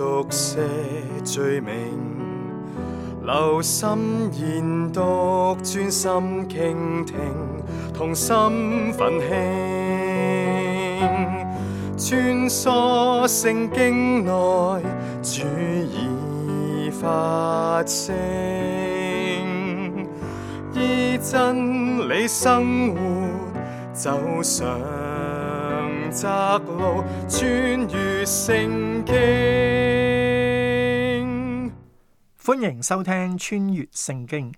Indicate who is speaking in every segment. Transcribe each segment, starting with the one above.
Speaker 1: 熟悉罪名，留心研讀，專心傾聽，同心奮興，穿梭聖經內，主已發聲，依真理生活，走上窄路，穿越聖經。歡迎收聽穿越聖經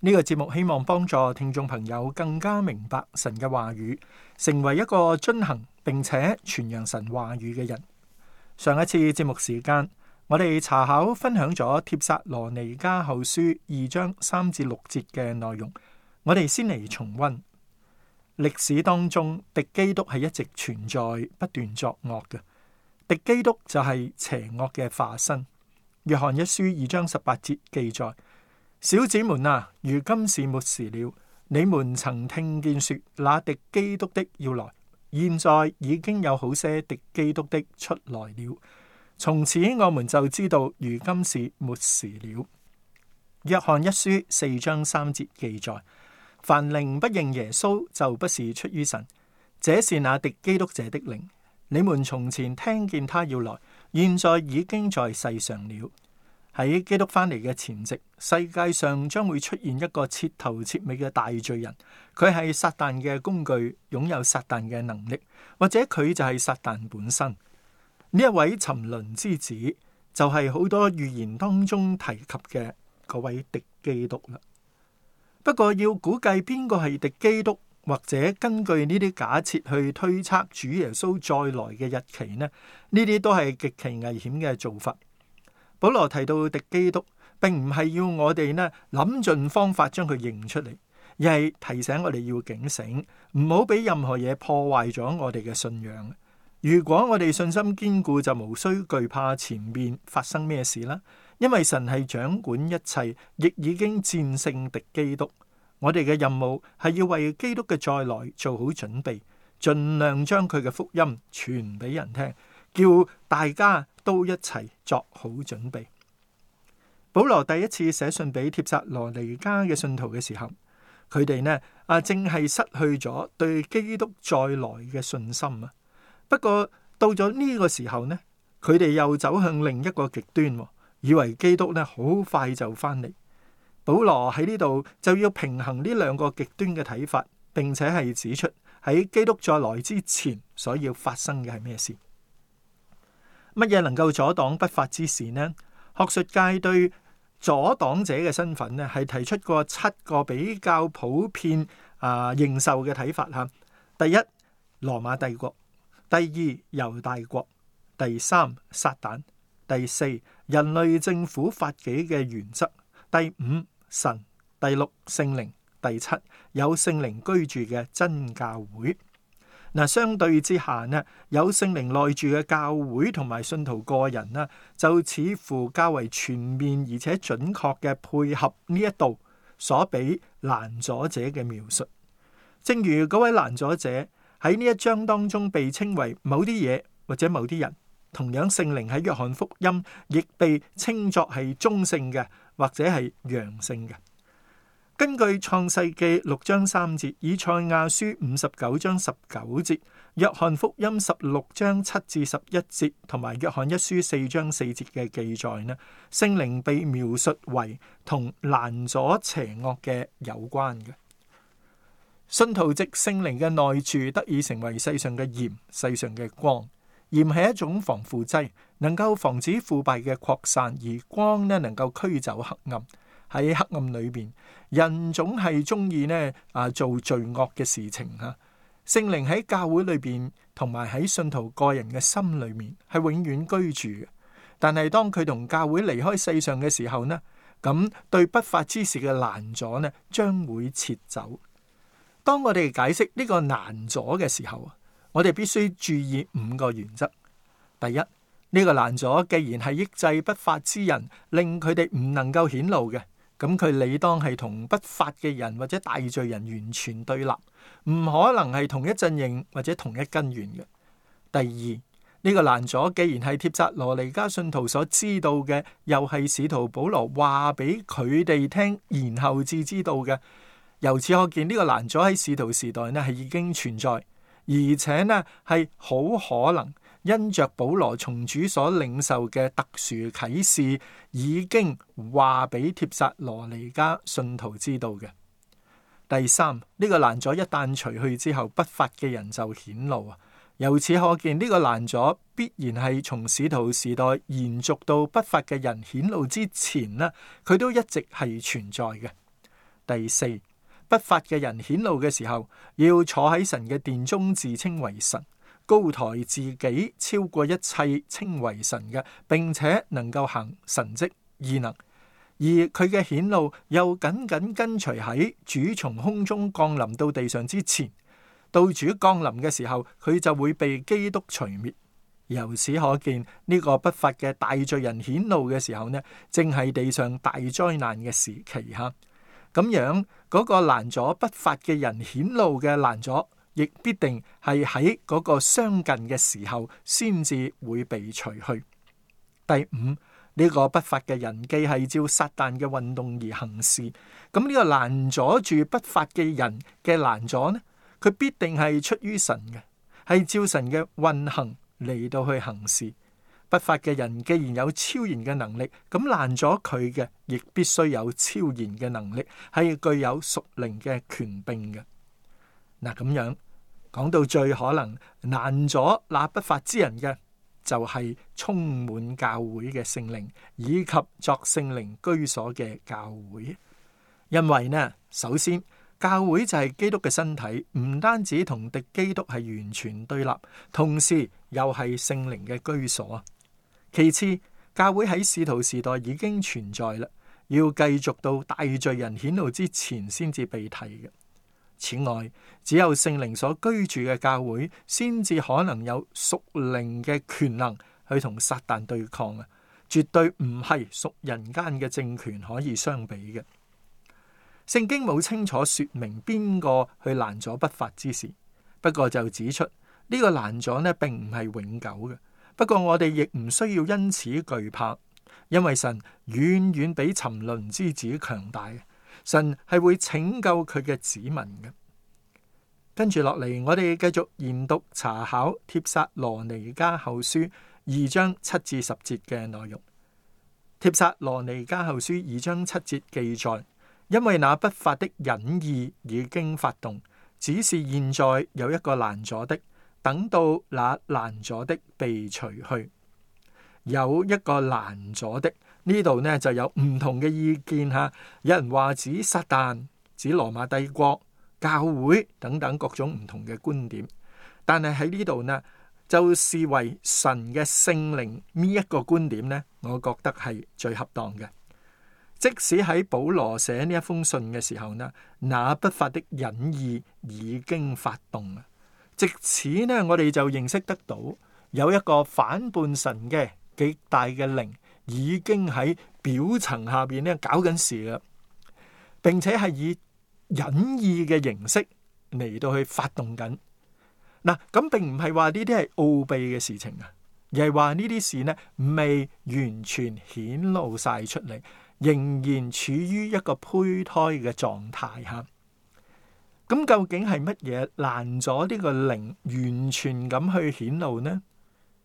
Speaker 1: 呢個節目，希望幫助聽眾朋友更加明白神嘅話語，成為一個遵行並且傳揚神話語嘅人。上一次節目時間，我哋查考分享咗帖撒羅尼加後書二章三至六節嘅內容，我哋先嚟重温歷史當中，敵基督係一直存在，不斷作惡嘅。敵基督就係邪惡嘅化身。約翰一書二章十八節記載：小子們啊，如今是末時了。你們曾聽見說，那敵基督的要來，現在已經有好些敵基督的出來了。從此我們就知道如今是末時了。約翰一書四章三節記載：凡靈不認耶穌，就不是出於神。這是那敵基督者的靈。你們從前聽見他要來。現在已經在世上了。喺基督翻嚟嘅前夕，世界上將會出現一個徹頭徹尾嘅大罪人。佢係撒旦嘅工具，擁有撒旦嘅能力，或者佢就係撒旦本身。呢一位沉淪之子，就係好多預言當中提及嘅嗰位敵基督啦。不過要估計邊個係敵基督？或者根據呢啲假設去推測主耶穌再來嘅日期呢？呢啲都係極其危險嘅做法。保羅提到敵基督，並唔係要我哋呢諗盡方法將佢認出嚟，而係提醒我哋要警醒，唔好俾任何嘢破壞咗我哋嘅信仰。如果我哋信心堅固，就無需懼怕前面發生咩事啦。因為神係掌管一切，亦已經戰勝敵基督。我哋嘅任務係要為基督嘅再來做好準備，盡量將佢嘅福音傳俾人聽，叫大家都一齊作好準備。保羅第一次寫信俾帖撒羅尼加嘅信徒嘅時候，佢哋呢啊正係失去咗對基督再來嘅信心啊。不過到咗呢個時候呢，佢哋又走向另一個極端，以為基督呢好快就翻嚟。保羅喺呢度就要平衡呢兩個極端嘅睇法，並且係指出喺基督再來之前所要發生嘅係咩事？乜嘢能夠阻擋不法之事呢？學術界對阻擋者嘅身份呢係提出過七個比較普遍啊、呃、認受嘅睇法啊。第一，羅馬帝國；第二，猶大國；第三，撒旦；第四，人類政府法紀嘅原則；第五，神。第六，聖靈。第七，有聖靈居住嘅真教會，嗱，相對之下呢，有聖靈內住嘅教會同埋信徒個人呢，就似乎較為全面而且準確嘅配合呢一度所俾攔阻者嘅描述。正如嗰位攔阻者喺呢一章當中被稱為某啲嘢，或者某啲人，同樣聖靈喺約翰福音亦被稱作係中性嘅。或者係陽性嘅，根據創世記六章三節、以賽亞書五十九章十九節、約翰福音十六章七至十一節，同埋約翰一書四章四節嘅記載呢，聖靈被描述為同攔阻邪惡嘅有關嘅，信徒藉聖靈嘅內住得以成為世上嘅鹽、世上嘅光。鹽係一種防腐劑，能夠防止腐敗嘅擴散；而光呢能夠驅走黑暗。喺黑暗裏邊，人總係中意呢啊做罪惡嘅事情吓。聖靈喺教會裏邊，同埋喺信徒個人嘅心裏面，係永遠居住嘅。但係當佢同教會離開世上嘅時候呢，咁對不法之事嘅攔阻呢，將會撤走。當我哋解釋呢個攔阻嘅時候我哋必須注意五個原則。第一，呢個難阻既然係抑制不法之人，令佢哋唔能夠顯露嘅，咁佢理當係同不法嘅人或者大罪人完全對立，唔可能係同一陣營或者同一根源嘅。第二，呢個難阻既然係帖撒羅尼迦信徒所知道嘅，又係使徒保羅話俾佢哋聽，然後至知道嘅，由此可見呢個難阻喺使徒時代呢係已經存在。而且呢，係好可能因着保羅從主所領受嘅特殊啟示，已經話俾帖撒羅尼迦信徒知道嘅。第三，呢、這個攔阻一旦除去之後，不法嘅人就顯露啊！由此可見，呢、這個攔阻必然係從使徒時代延續到不法嘅人顯露之前呢，佢都一直係存在嘅。第四。不法嘅人顯露嘅時候，要坐喺神嘅殿中，自稱為神，高抬自己，超過一切，稱為神嘅，並且能夠行神蹟異能。而佢嘅顯露又緊緊跟隨喺主從空中降臨到地上之前。到主降臨嘅時候，佢就會被基督除滅。由此可見，呢、這個不法嘅大罪人顯露嘅時候呢，正係地上大災難嘅時期哈。咁樣嗰、那個難阻不法嘅人顯露嘅難阻，亦必定係喺嗰個相近嘅時候先至會被除去。第五呢、這個不法嘅人既係照撒旦嘅運動而行事，咁、那、呢個難阻住不法嘅人嘅難阻呢？佢必定係出於神嘅，係照神嘅運行嚟到去行事。不法嘅人既然有超然嘅能力，咁爛咗攔阻佢嘅，亦必須有超然嘅能力，係具有屬靈嘅權柄嘅。嗱，咁樣講到最可能攔阻那不法之人嘅，就係、是、充滿教會嘅聖靈以及作聖靈居所嘅教會。因為呢，首先教會就係基督嘅身體，唔單止同敵基督係完全對立，同時又係聖靈嘅居所其次，教會喺使徒時代已經存在啦，要繼續到大罪人顯露之前先至被提嘅。此外，只有聖靈所居住嘅教會，先至可能有屬靈嘅權能去同撒旦對抗啊！絕對唔係屬人間嘅政權可以相比嘅。聖經冇清楚說明邊個去攔阻不法之事，不過就指出呢、呢個攔阻呢，並唔係永久嘅。不過我哋亦唔需要因此懼怕，因為神遠遠比沉淪之子強大。神係會拯救佢嘅子民嘅。跟住落嚟，我哋繼續研讀查考帖撒羅尼迦後書二章七至十節嘅內容。帖撒羅尼迦後書二章七節記載：「因為那不法的隱意已經發動，只是現在有一個攔阻的。等到那攔阻的被除去，有一個攔阻的，呢度呢就有唔同嘅意見吓，有人話指撒旦、指羅馬帝國、教會等等各種唔同嘅觀點，但係喺呢度呢就視為神嘅聖靈呢一個觀點呢，我覺得係最恰當嘅。即使喺保羅寫呢一封信嘅時候呢，那不法的隱意已經發動。直至呢，我哋就認識得到有一個反叛神嘅極大嘅靈，已經喺表層下邊咧搞緊事啦，並且係以隱意嘅形式嚟到去發動緊。嗱，咁並唔係話呢啲係奧秘嘅事情啊，而係話呢啲事呢，未完全顯露晒出嚟，仍然處於一個胚胎嘅狀態吓。咁究竟係乜嘢攔阻呢個靈完全咁去顯露呢？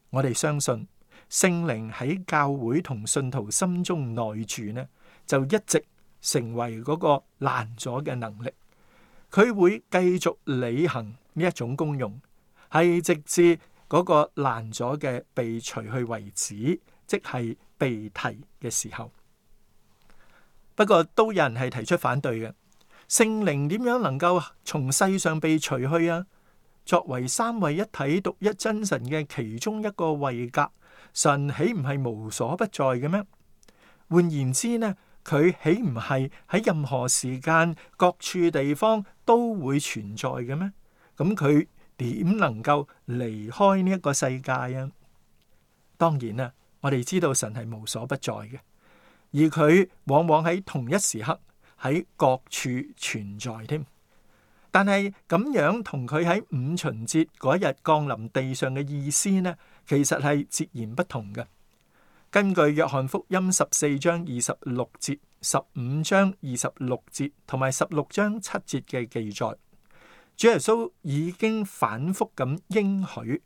Speaker 1: 我哋相信聖靈喺教會同信徒心中內住呢，就一直成為嗰個攔阻嘅能力。佢會繼續履行呢一種功用，係直至嗰個攔阻嘅被除去為止，即係被提嘅時候。不過都有人係提出反對嘅。聖靈點樣能夠從世上被除去啊？作為三位一體獨一真神嘅其中一個位格，神豈唔係無所不在嘅咩？換言之呢，佢豈唔係喺任何時間、各處地方都會存在嘅咩？咁佢點能夠離開呢一個世界啊？當然啦，我哋知道神係無所不在嘅，而佢往往喺同一時刻。喺各處存在添，但係咁樣同佢喺五旬節嗰一日降臨地上嘅意思呢？其實係截然不同嘅。根據約翰福音十四章二十六節，十五章二十六節同埋十六章七節嘅記載，主耶穌已經反復咁應許，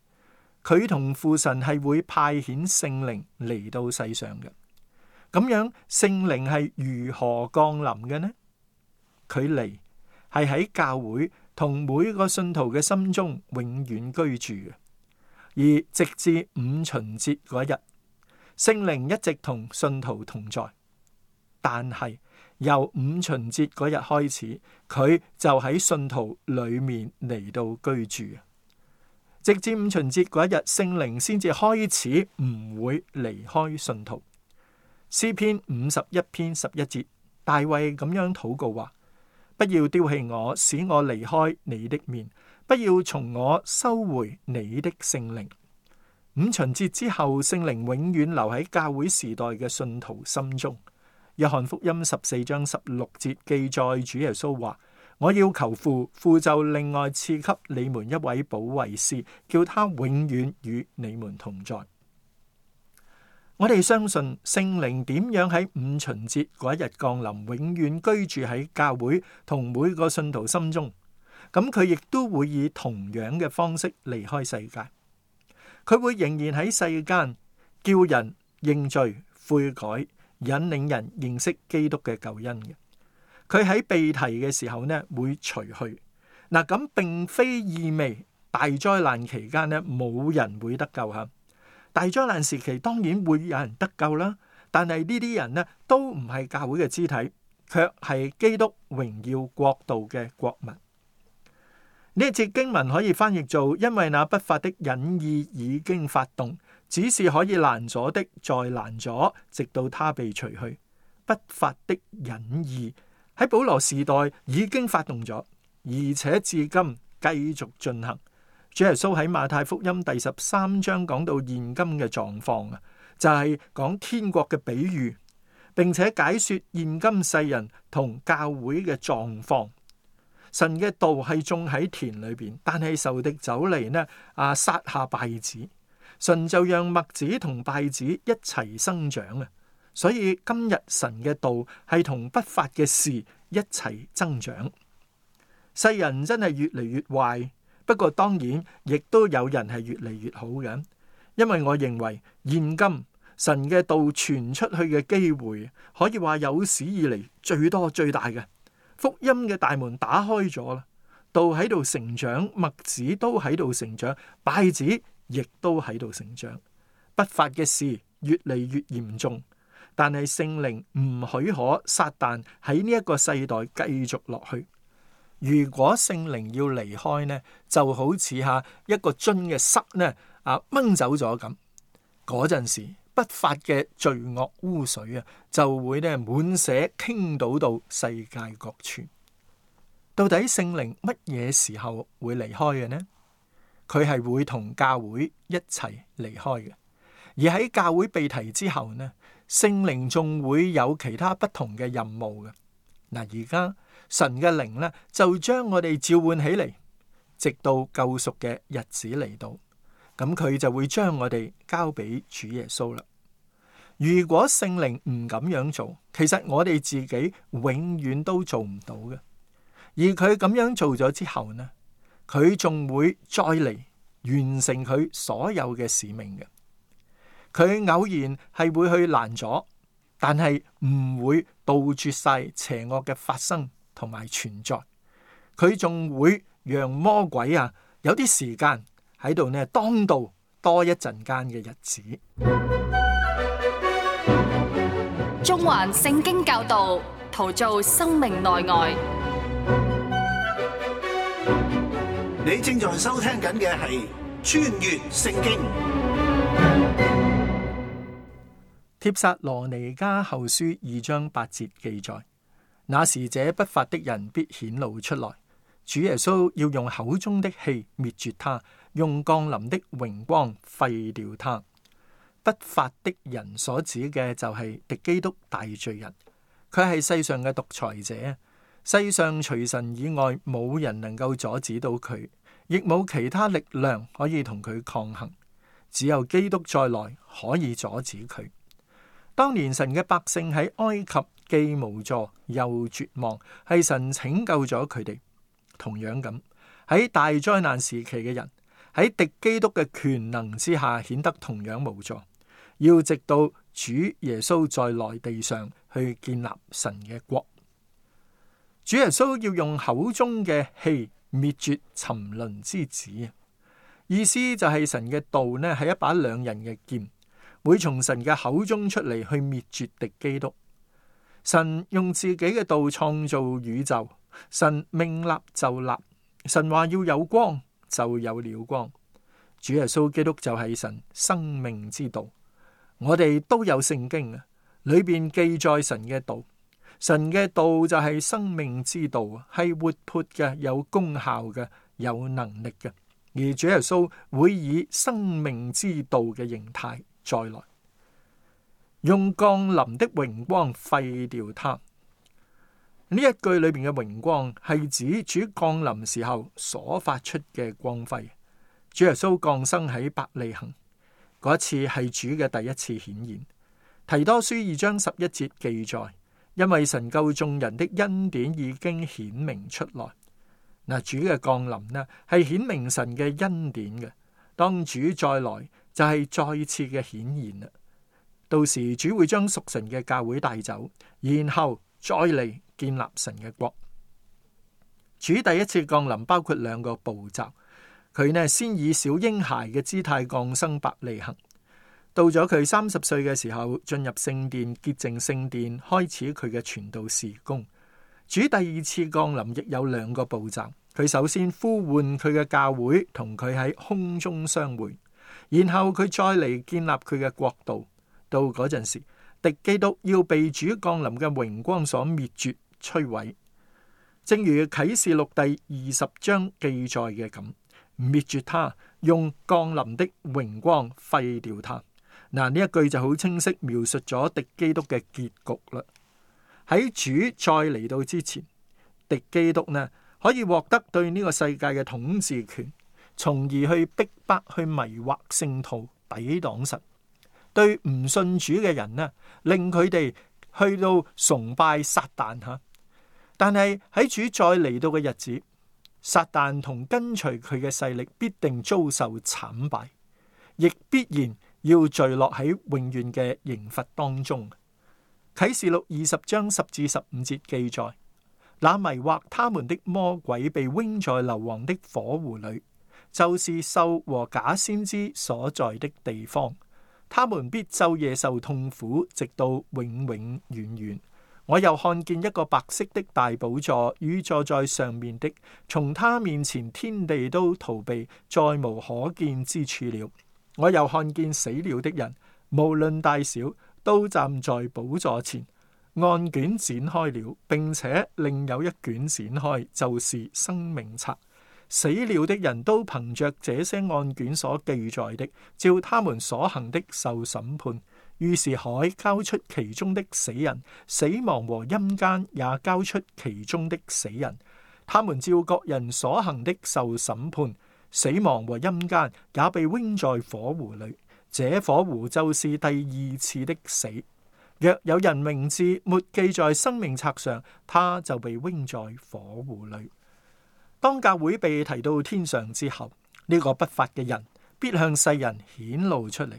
Speaker 1: 佢同父神係會派遣聖靈嚟到世上嘅。咁樣聖靈係如何降臨嘅呢？佢嚟係喺教會同每一個信徒嘅心中永遠居住。而直至五旬節嗰日，聖靈一直同信徒同在。但係由五旬節嗰日開始，佢就喺信徒裏面嚟到居住。直至五旬節嗰一日，聖靈先至開始唔會離開信徒。詩篇五十一篇十一節，大衛咁樣禱告話：不要丟棄我，使我離開你的面；不要從我收回你的聖靈。五旬節之後，聖靈永遠留喺教會時代嘅信徒心中。約翰福音十四章十六節記載，主耶穌話：我要求父，父就另外賜給你們一位保惠師，叫他永遠與你們同在。我哋相信聖靈點樣喺五旬節嗰一日降臨，永遠居住喺教會同每個信徒心中。咁佢亦都會以同樣嘅方式離開世界。佢會仍然喺世間叫人認罪悔改，引領人認識基督嘅救恩嘅。佢喺被提嘅時候呢，會除去。嗱，咁並非意味大災難期間呢冇人會得救啊！大災難時期當然會有人得救啦，但係呢啲人呢都唔係教會嘅肢體，卻係基督榮耀國度嘅國民。呢節經文可以翻譯做：因為那不法的隱意已經發動，只是可以攔阻的再攔阻，直到他被除去。不法的隱意喺保羅時代已經發動咗，而且至今繼續進行。主耶穌喺馬太福音第十三章講到現今嘅狀況啊，就係、是、講天國嘅比喻，並且解說現今世人同教會嘅狀況。神嘅道係種喺田裏邊，但係仇敵走嚟呢，啊撒下稗子，神就讓麥子同稗子一齊生長啊。所以今日神嘅道係同不法嘅事一齊增長，世人真係越嚟越壞。不過當然，亦都有人係越嚟越好嘅，因為我認為現今神嘅道傳出去嘅機會，可以話有史以嚟最多最大嘅福音嘅大門打開咗啦，道喺度成長，麥子都喺度成長，稗子亦都喺度成長，不法嘅事越嚟越嚴重，但係聖靈唔許可撒但喺呢一個世代繼續落去。如果聖靈要離開呢，就好似吓一個樽嘅塞呢，啊掹走咗咁，嗰陣時不法嘅罪惡污水啊，就會呢滿瀉傾倒到世界各處。到底聖靈乜嘢時候會離開嘅呢？佢係會同教會一齊離開嘅，而喺教會被提之後呢，聖靈仲會有其他不同嘅任務嘅。嗱，而家。神嘅靈呢，就將我哋召喚起嚟，直到救贖嘅日子嚟到，咁佢就會將我哋交俾主耶穌啦。如果聖靈唔咁樣做，其實我哋自己永遠都做唔到嘅。而佢咁樣做咗之後呢，佢仲會再嚟完成佢所有嘅使命嘅。佢偶然係會去攔阻，但係唔會杜絕晒邪惡嘅發生。同埋存在，佢仲會讓魔鬼啊有啲時間喺度呢，當道多一陣間嘅日子。中環聖經教導，陶造生命內外。你正在收聽緊嘅係《穿越聖經》。帖撒羅尼迦後書二章八節記載。那時，這不法的人必顯露出來。主耶穌要用口中的氣滅絕他，用降臨的榮光廢掉他。不法的人所指嘅就係敵基督大罪人，佢係世上嘅獨裁者。世上除神以外，冇人能夠阻止到佢，亦冇其他力量可以同佢抗衡。只有基督再來可以阻止佢。當年神嘅百姓喺埃及。既無助又絕望，係神拯救咗佢哋。同樣咁喺大災難時期嘅人，喺敵基督嘅權能之下，顯得同樣無助。要直到主耶穌在內地上去建立神嘅國。主耶穌要用口中嘅氣滅絕沉淪之子，意思就係神嘅道呢係一把兩刃嘅劍，會從神嘅口中出嚟去滅絕敵基督。神用自己嘅道創造宇宙，神命立就立，神話要有光就有了光，主耶穌基督就係神生命之道，我哋都有聖經啊，裏邊記載神嘅道，神嘅道就係生命之道，係活潑嘅、有功效嘅、有能力嘅，而主耶穌會以生命之道嘅形態再來。用降臨的榮光廢掉他。呢一句裏面嘅榮光係指主降臨時候所發出嘅光輝。主耶穌降生喺伯利恒，嗰一次係主嘅第一次顯現。提多書二章十一節記載，因為神救眾人的恩典已經顯明出來。嗱，主嘅降臨呢係顯明神嘅恩典嘅。當主再來就係、是、再次嘅顯現啦。到時主會將屬神嘅教會帶走，然後再嚟建立神嘅國。主第一次降臨包括兩個步驟，佢呢先以小嬰孩嘅姿態降生伯利恆，到咗佢三十歲嘅時候，進入聖殿潔淨聖殿，開始佢嘅傳道事工。主第二次降臨亦有兩個步驟，佢首先呼喚佢嘅教會同佢喺空中相會，然後佢再嚟建立佢嘅國度。到嗰陣時，敵基督要被主降臨嘅榮光所滅絕摧毀，正如啟示錄第二十章記載嘅咁，滅絕他，用降臨的榮光廢掉他。嗱，呢一句就好清晰描述咗敵基督嘅結局啦。喺主再嚟到之前，敵基督呢可以獲得對呢個世界嘅統治權，從而去逼迫、去迷惑聖徒、抵擋神。對唔信主嘅人呢，令佢哋去到崇拜撒旦吓。但係喺主再嚟到嘅日子，撒旦同跟隨佢嘅勢力必定遭受慘敗，亦必然要墜落喺永遠嘅刑罰當中。啟示錄二十章十至十五節記載，那迷惑他們的魔鬼被扔在硫磺的火湖裏，就是獸和假先知所在的地方。他們必晝夜受痛苦，直到永永遠遠。我又看見一個白色的大寶座，與坐在上面的，從他面前天地都逃避，再無可見之處了。我又看見死了的人，無論大小，都站在寶座前。案卷展開了，並且另有一卷展開，就是生命冊。死了的人都憑着這些案卷所記載的，照他們所行的受審判。於是海交出其中的死人，死亡和陰間也交出其中的死人。他們照各人所行的受審判，死亡和陰間也被扔在火湖裏。這火湖就是第二次的死。若有人名字沒記在生命冊上，他就被扔在火湖裏。當教會被提到天上之後，呢個不法嘅人必向世人顯露出嚟。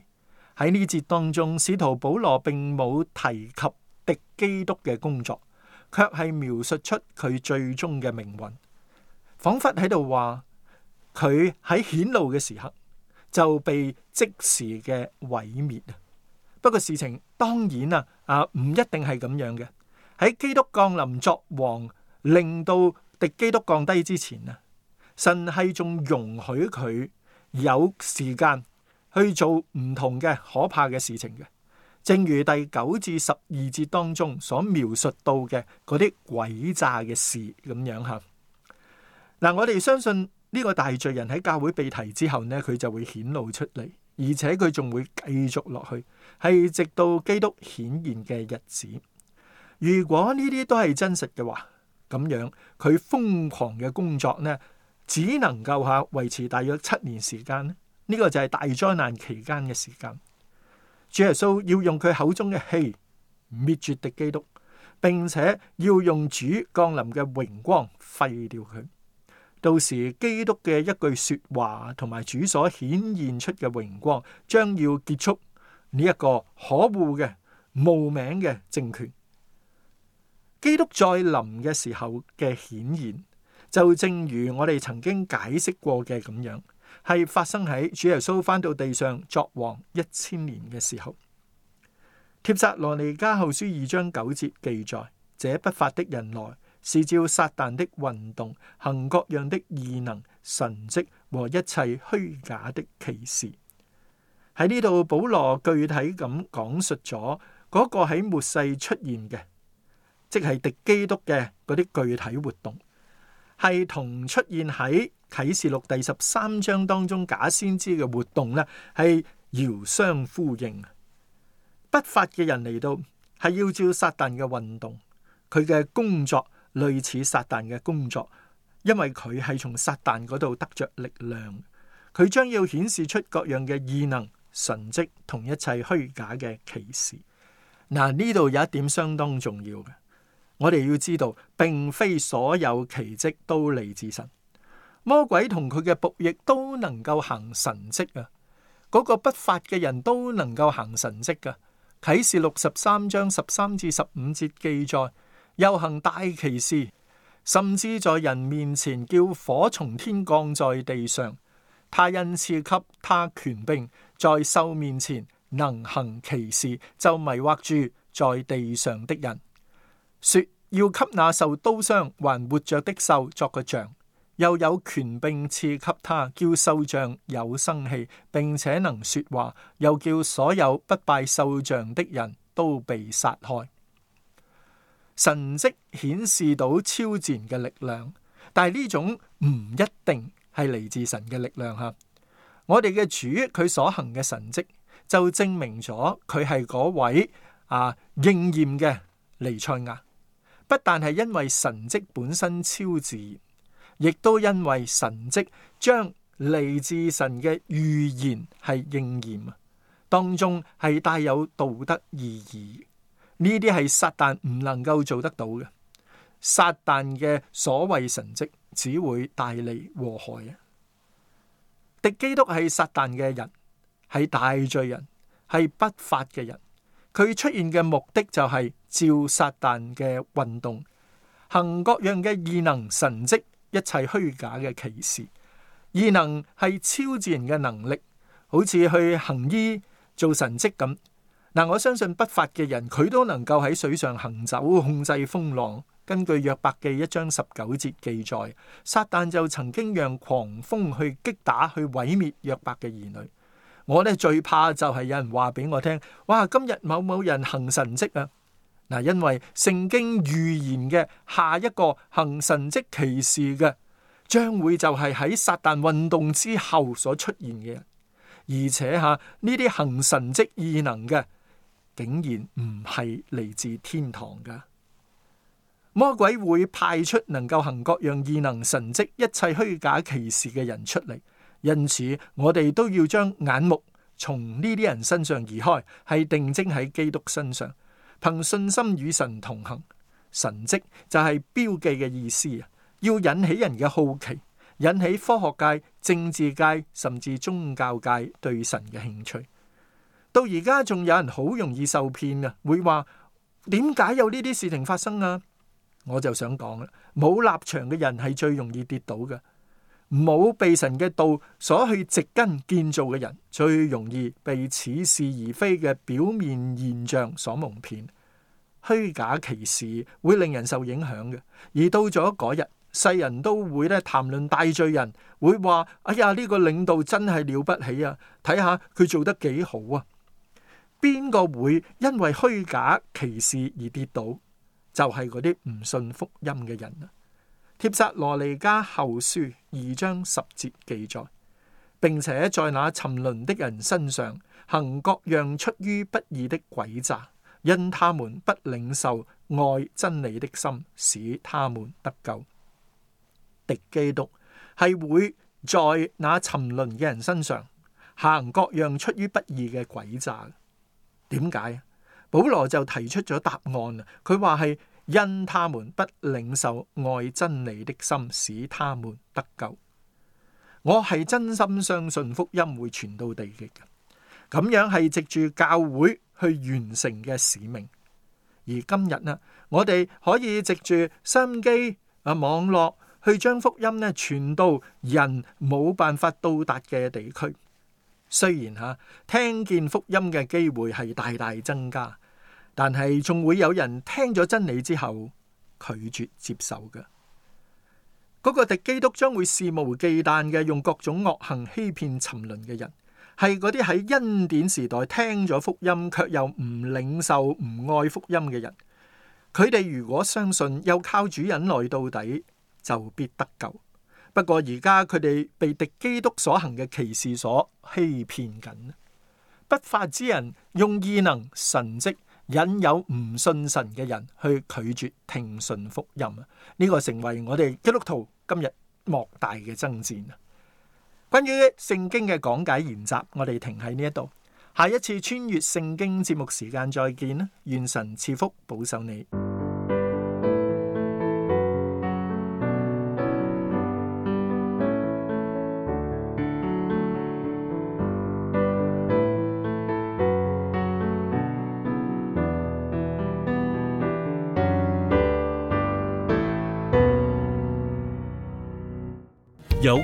Speaker 1: 喺呢節當中，使徒保羅並冇提及敵基督嘅工作，卻係描述出佢最終嘅命運，仿佛喺度話佢喺顯露嘅時刻就被即時嘅毀滅。不過事情當然啊啊唔一定係咁樣嘅。喺基督降臨作王，令到。敵基督降低之前啊，神係仲容許佢有時間去做唔同嘅可怕嘅事情嘅，正如第九至十二節當中所描述到嘅嗰啲詭詐嘅事咁樣吓。嗱、嗯，我哋相信呢個大罪人喺教會被提之後呢，佢就會顯露出嚟，而且佢仲會繼續落去，係直到基督顯現嘅日子。如果呢啲都係真實嘅話。咁樣佢瘋狂嘅工作呢，只能夠吓維持大約七年時間。呢個就係大災難期間嘅時間。主耶穌要用佢口中嘅氣滅絕敵基督，並且要用主降臨嘅榮光廢掉佢。到時基督嘅一句說話同埋主所顯現出嘅榮光，將要結束呢一個可惡嘅無名嘅政權。基督再臨嘅時候嘅顯現，就正如我哋曾經解釋過嘅咁樣，係發生喺主耶穌翻到地上作王一千年嘅時候。帖撒羅尼迦後書二章九節記載：這不法的人來，是照撒旦的運動，行各樣的異能、神蹟和一切虛假的奇事。喺呢度，保羅具體咁講述咗嗰、那個喺末世出現嘅。即係敵基督嘅嗰啲具體活動，係同出現喺啟示錄第十三章當中假先知嘅活動呢係遙相呼應。不法嘅人嚟到，係要照撒旦嘅運動，佢嘅工作類似撒旦嘅工作，因為佢係從撒旦嗰度得着力量，佢將要顯示出各樣嘅異能、神跡同一切虛假嘅奇事。嗱，呢度有一點相當重要嘅。我哋要知道，並非所有奇迹都嚟自神。魔鬼同佢嘅僕役都能夠行神迹啊！嗰個不法嘅人都能夠行神迹嘅。啟示錄十三章十三至十五節記載，又行大奇事，甚至在人面前叫火從天降在地上。他因賜給他權柄，在獸面前能行奇事，就迷惑住在地上的人。說要給那受刀傷還活着的獸作個像，又有權柄賜給他，叫獸像有生氣，並且能說話，又叫所有不拜獸像的人都被殺害。神跡顯示到超自然嘅力量，但係呢種唔一定係嚟自神嘅力量吓。我哋嘅主佢所行嘅神跡就證明咗佢係嗰位啊，應驗嘅彌賽亞。不但係因為神蹟本身超自然，亦都因為神蹟將嚟自神嘅預言係應驗，當中係帶有道德意義。呢啲係撒旦唔能夠做得到嘅，撒旦嘅所謂神蹟只會帶嚟禍害啊！敵基督係撒旦嘅人，係大罪人，係不法嘅人。佢出現嘅目的就係，照撒旦嘅運動，行各樣嘅異能神蹟，一切虛假嘅奇事。異能係超自然嘅能力，好似去行醫做神迹咁嗱。我相信不法嘅人佢都能夠喺水上行走，控制風浪。根據約伯記一章十九節記載，撒旦就曾經讓狂風去擊打，去毀滅約伯嘅兒女。我呢最怕就係有人話俾我聽，哇！今日某某人行神蹟啊！嗱，因為聖經預言嘅下一個行神蹟奇事嘅，將會就係喺撒旦運動之後所出現嘅人，而且吓呢啲行神蹟異能嘅，竟然唔係嚟自天堂噶，魔鬼會派出能夠行各樣異能神蹟、一切虛假奇事嘅人出嚟，因此我哋都要將眼目從呢啲人身上移開，係定睛喺基督身上。憑信心與神同行，神蹟就係標記嘅意思啊！要引起人嘅好奇，引起科學界、政治界甚至宗教界對神嘅興趣。到而家仲有人好容易受騙啊！會話點解有呢啲事情發生啊？我就想講啦，冇立場嘅人係最容易跌倒嘅。冇被神嘅道所去植根建造嘅人，最容易被似是而非嘅表面現象所蒙騙。虛假奇事會令人受影響嘅，而到咗嗰日，世人都會咧談論大罪人，會話：哎呀，呢個領導真係了不起啊！睇下佢做得幾好啊！邊個會因為虛假奇事而跌倒？就係嗰啲唔信福音嘅人帖撒羅尼加後書二章十節記載，並且在那沉淪的人身上行各樣出於不義的詭詐，因他們不領受愛真理的心，使他們得救。敵基督係會在那沉淪嘅人身上行各樣出於不義嘅詭詐。點解？保羅就提出咗答案，佢話係。因他們不領受愛真理的心，使他們得救。我係真心相信福音會傳到地極嘅，咁樣係藉住教會去完成嘅使命。而今日呢，我哋可以藉住心機啊、網絡去將福音呢傳到人冇辦法到達嘅地區。雖然吓，啊，聽見福音嘅機會係大大增加。但係，仲會有人聽咗真理之後拒絕接受嘅嗰個敵基督，將會肆無忌憚嘅用各種惡行欺騙沉淪嘅人，係嗰啲喺恩典時代聽咗福音卻又唔領受、唔愛福音嘅人。佢哋如果相信，又靠主忍耐到底，就必得救。不過而家佢哋被敵基督所行嘅奇事所欺騙緊，不法之人用異能神蹟。引有唔信神嘅人去拒絕聽信福音啊！呢個成為我哋基督徒今日莫大嘅爭戰啊！關於聖經嘅講解研習，我哋停喺呢一度。下一次穿越聖經節目時間再見啦！願神賜福保守你。